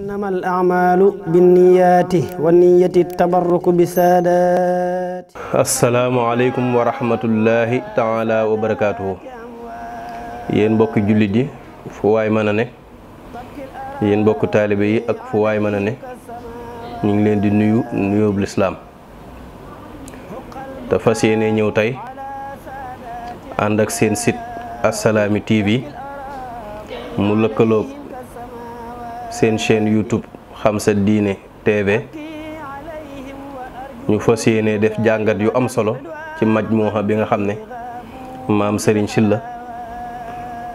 innama al amalu binniyaati wa niyati tabarruku bi saadaati asalaamu aleykum wa rahmatullahi wa barakaatuhu yéen mbokki jullit yi fu waay mën a ne yéen mbokki taalibe yi ak fu waay mën a ne ñu ngi leen di nuyu nuyoob lislaam te fas yéene ñëw tey ànd ak seen site Assalaamy TV mu lëkkaloog seen chaîne YouTube xam sa diine TV ñu fas yéene def jàngat yu am solo ci majmuha bi nga xam ne maam Serigne Sylla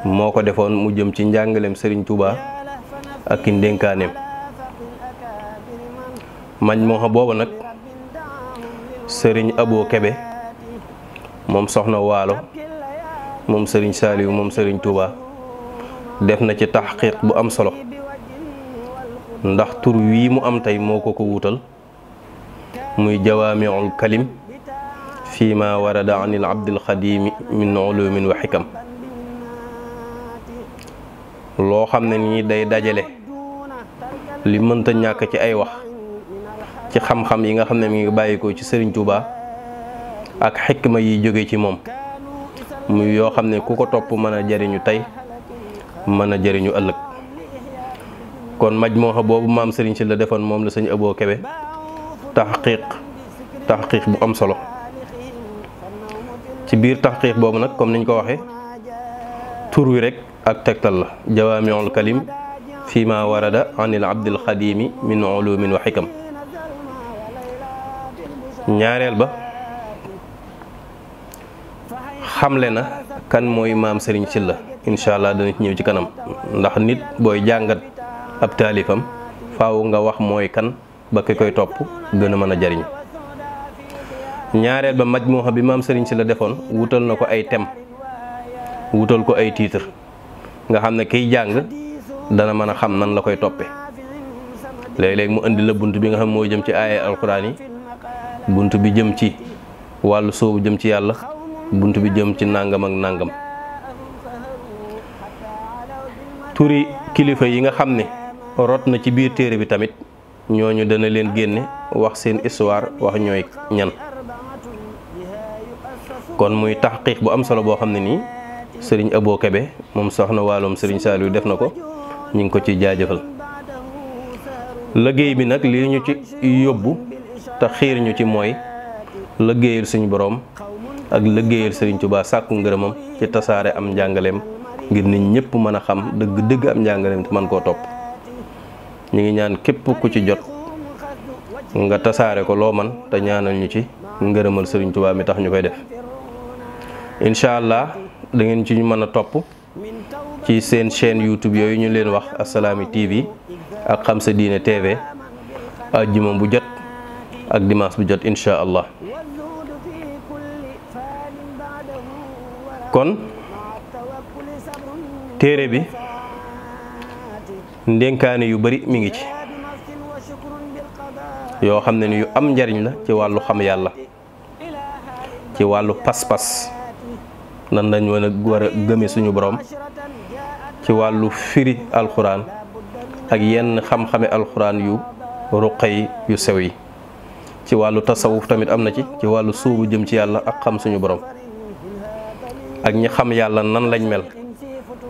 moo ko defoon mu jëm ci njàngaleem Serigne Touba ak i ndénkaaneem majmuha boobu nag Serigne Abo Kebe moom soxna waalo moom Serigne Saliou moom Serigne Touba def na ci taxqiq bu am solo. ndax tur wii mu am tey moo ko ko wuutal muy jawaamiul kalim fii ma a an il abdil xadimi min ulumin xikam loo xam ne nii day dajale li mënta ñàkk ci ay wax ci xam-xam yi nga xam ne mi ngi bàyyikoo ci Sëriñ Tuuba ak xikma yi jóge ci moom muy yoo xam ne ku ko topp mën jariñu tey mën a jariñu ëllëg kon maj moo xam boobu maam sëriñ si la defoon moom la sañ Abo kewe taxqiq taxqiq bu am solo ci biir taxqiq boobu nag comme niñ ko waxe tur wi rek ak tegtal la jawaamiul kalim fi ma warada anil abdil xadimi min ulumin wa xikam ñaareel ba xamle na kan mooy maam Serigne si la incha allah dana ci ñëw ci kanam ndax nit booy jàngat. ab taalifam faaw nga wax mooy kan ba ki koy topp gën a mën a jariñ ñaareel ba majmuha bi maam sëriñ si la defoon wutal na ko ay tem wutal ko ay tiitar nga xam ne kiy jàng dana mën a xam nan la koy toppe léeg-léeg mu indi la bunt bi nga xam moo jëm ci aaye alxuraan yi bunt bi jëm ci wàll soobu jëm ci yàlla bunt bi jëm ci nàngam ak nàngam turi kilifa yi nga xam ne rot na ci biir téere bi tamit ñooñu dana leen génne wax seen histoire wax ñooy ñan kon muy taxqiq bu am solo boo xam ne nii sëriñ Abo Kebe moom soxna wàllum sëriñ wi def na ko ñu ngi ko ci jaajëfal liggéey bi nag li ñu ci yóbbu te xiir ñu ci mooy liggéeyal suñu boroom ak liggéeyal sëriñ Tuubaa sàkku ngërëmam ci tasaare am njàngaleem ngir nit ñëpp mën a xam dëgg dëgg am njàngaleem te mën koo topp ñu ngi ñaan képp ku ci jot nga tasaare ko loo man te ñaanal ñu ci ngërëmal Sëriñ Tuubaa mi tax ñu koy def incha allah da ngeen ci ñu mën a topp ci seen chaîne YouTube yooyu ñu leen wax Assalaamy TV ak Xam Sa Diine TV jimom bu jot ak dimaas bu jot incha allah kon téere bi ndénkaane yu bari mi ngi ci yoo xam ne ni yu am njariñ la ci wàllu xam yàlla ci wàllu pas-pas nan lañ war a a gëme suñu borom ci wàllu firi alxuraan ak yenn xam-xame alxuraan yu ruqa yi yu sew yi ci wàllu tasawuf tamit am na ci ci wàllu suubu jëm ci yàlla ak xam suñu boroom ak ñi xam yàlla nan lañ mel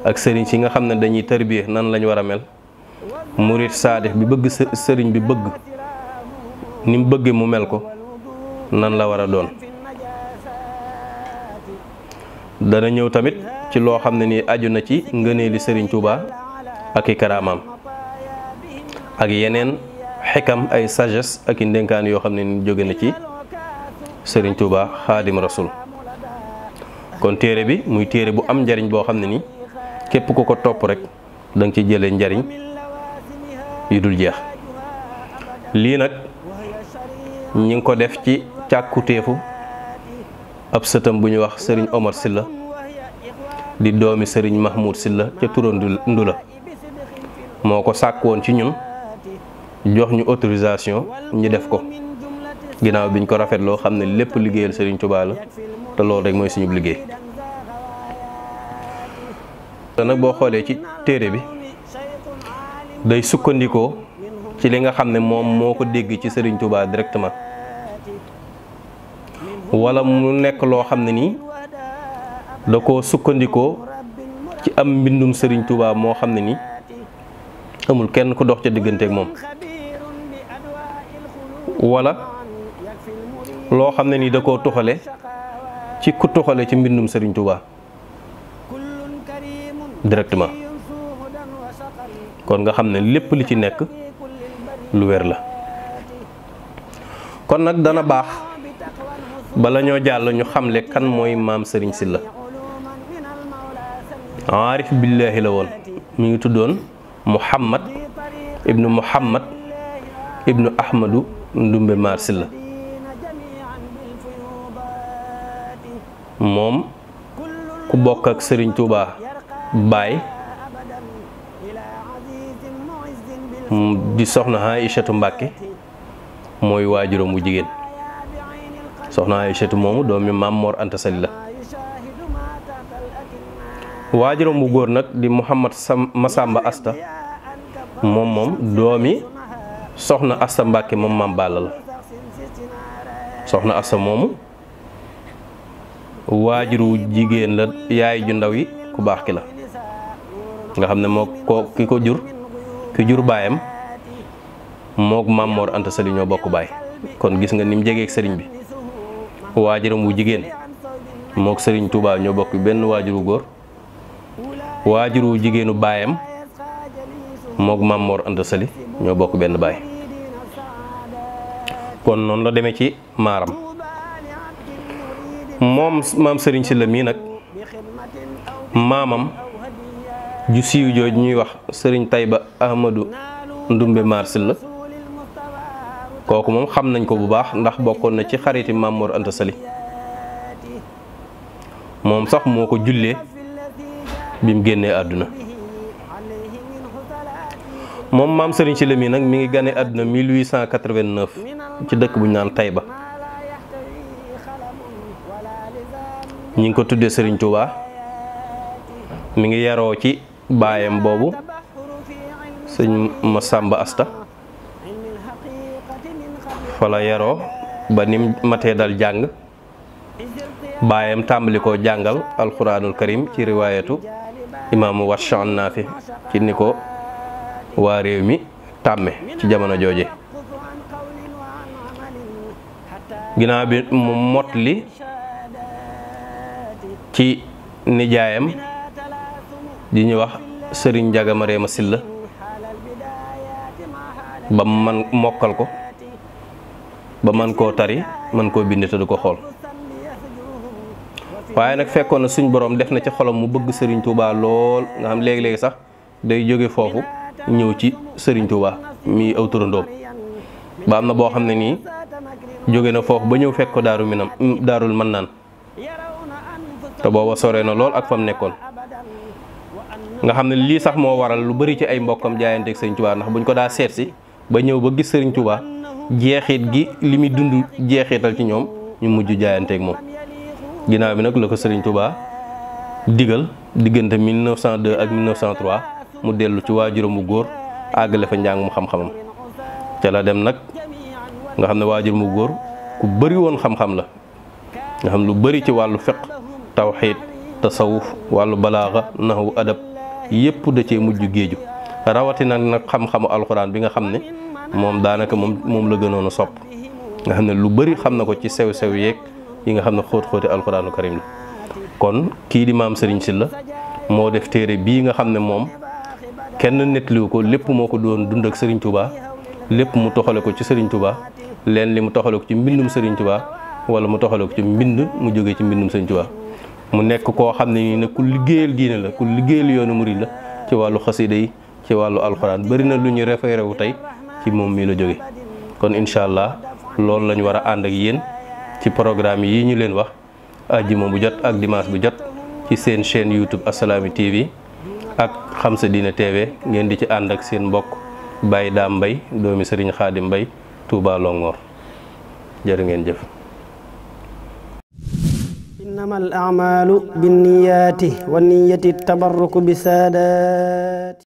ak sëriñ si nga xam ne dañuy tërbiye nan lañu war a mel murit saadix bi bëgg sëriñ bi bëgg ni mu bëggee mu mel ko nan la war a doon dana ñëw tamit ci loo xam ne nii aju na ci ngëneeli sëriñ Tuuba ak i karaamaam ak yeneen xikam ay sagesse ak i ndénkaan yoo xam ne ni jóge na ci sëriñ Tuuba xaadim rasul kon téere bi muy téere bu am njariñ boo xam ne ni képp ku ko topp rek danga ci jële njariñ yu dul jeex lii nag ñi ngi ko def ci càkkutéefu ab sëtam bu ñu wax sëriñ Omar Silla di doomi sëriñ Mahmoud Silla ca Touro Ndula moo ko sàkkoon ci ñun jox ñu autorisation ñu def ko ginnaaw biñ ko rafet loo xam ne lépp liggéeyal sëriñ Tuubaa la te loolu rek mooy suñu liggéey te nag boo xoolee ci téere bi day sukkandikoo ci li nga xam ne moom moo ko dégg ci sëriñ Touba directement wala mu nekk loo xam ne nii da ko sukkandikoo ci am mbindum sëriñ Touba moo xam ne nii amul kenn ku dox ca digganteeg moom wala loo xam ne nii da ko tuxale ci ku tuxale ci mbindum sëriñ Touba directement. kon nga xam ne lépp li ci nekk lu wér la kon nag dana baax bala ñoo jàll ñu xamle kan mooy maam sëriñ Sylla aarif billaahi la woon mu ngi tuddoon Muhammad ibnu Muhammad ibnu Ahmadu Ndumbe Maar Sylla moom ku bokk ak Serigne Touba Baye. Mm, di soxna Aïchatu Mbàkke mooy waajuram jigéen soxna Aïchatu moomu doomi maam la waajuram góor nag di Mouhamad Sam Asta moom moom doomi soxna Asta Mbàkke moom maam Balla la soxna Asta moomu waajuru jigéen la yaay ju ndaw yi ku baax ki la nga xam ne moo ko ki ko jur ki jur baayam mook Maam Mor Anta ñoo bokk baay kon gis nga ni mu jegeeg sëriñ bi waajuram wu jigéen mook sëriñ Touba ñoo bokk benn waajuru góor waajuru jigéenu baayam mook Maam Mor Anta ñoo bokk benn baay kon noonu la deme ci maaram moom maam sëriñ si la mii nag maamam ju siiw jooju ñuy wax sëriñ tay Tayba Ahmadou Ndumbe Marsilla la kooku moom xam nañ ko bu baax ndax bokkoon na ci xariti Mamour Anta Sali moom sax moo ko jullee bi mu génnee àdduna moom maam sëriñ si lemi nag mi ngi gane àdduna 1889 ci dëkk bu ñu naan Tayba ñu ngi ko tuddee sëriñ Touba mi ngi yaroo ci baayam boobu sëñ Masamba Asta fa la yaroo ba nim matee dal jàng baayam tàmbali koo jàngal alxuraanul karim ci riwaayatu imaamu Washaan Naafi ci ni ko waa réew mi tàmme ci jamono jooje ginaaw bi mu motli ci nijaayam di ñu wax sëriñ Njaga Mareema la ba man mokkal ko ba man koo tari man koo bind te du ko xool waaye nag fekkoon na suñ boroom def na ci xolam mu bëgg sëriñ Touba lool nga xam léegi-léegi sax day jóge foofu ñëw ci sëriñ Touba mi aw turandoom ba am na boo xam ne nii jóge na foofu ba ñëw fekk ko daaru minam daarul mannaan te booba sore na lool ak fam nekkoon nga xam ne lii sax moo waral lu bari ci ay mbokkam jaayanteeg sëriñ Tuubaa ndax buñ ko daa seet si ba ñëw ba gis sëriñ Tuubaa jeexit gi li muy dund jeexital ci ñoom ñu mujj jaayanteeg moom ginnaaw bi nag la ko sëriñ Tuubaa digal diggante 1902 ak 1903 mu dellu ci waajuram bu góor àggale fa njàng mu xam-xamam ca la dem nag nga xam ne waajur mu góor ku bëri woon xam-xam la nga xam lu bari ci wàllu fiq tawxiid tasawuf wàllu balaaxa naxwu adab yëpp da cee mujj géeju rawatina nag xam-xamu alxuraan bi nga xam ne moom daanaka moom moom la gënoon a sopp nga xam ne lu bëri xam na ko ci sew-sew yeeg yi nga xam ne xóot-xóoti alxuraanu karim la kon kii di maam Serigne la moo def téere bii nga xam ne moom kenn nettaliwu ko lépp moo ko doon dund ak Serigne Touba lépp mu toxale ko ci Serigne Touba leen li mu toxale ko ci mbindum Serigne Touba wala mu toxale ko ci mbind mu jóge ci mbindum Serigne Touba mu nekk koo xam ne ne ku liggéeyal diine la ku liggéeyal yoonu murid la ci wàllu xasida yi ci wàllu alxuraan bëri na lu ñu référé wu tey ci moom mi la jóge kon incha allah loolu lañu ñu war a ànd ak yéen ci programme yi ñu leen wax àjjuma bu jot ak dimanche bu jot ci seen chaîne YouTube Assalaamy TV ak xam sa diine TV ngeen di ci ànd ak seen mbokk bàyyi daa Mbay doomi Serigne Khadim Mbay Touba Longhor jërë ngeen jëf. إنما الأعمال بالنيات والنية التبرك بسادات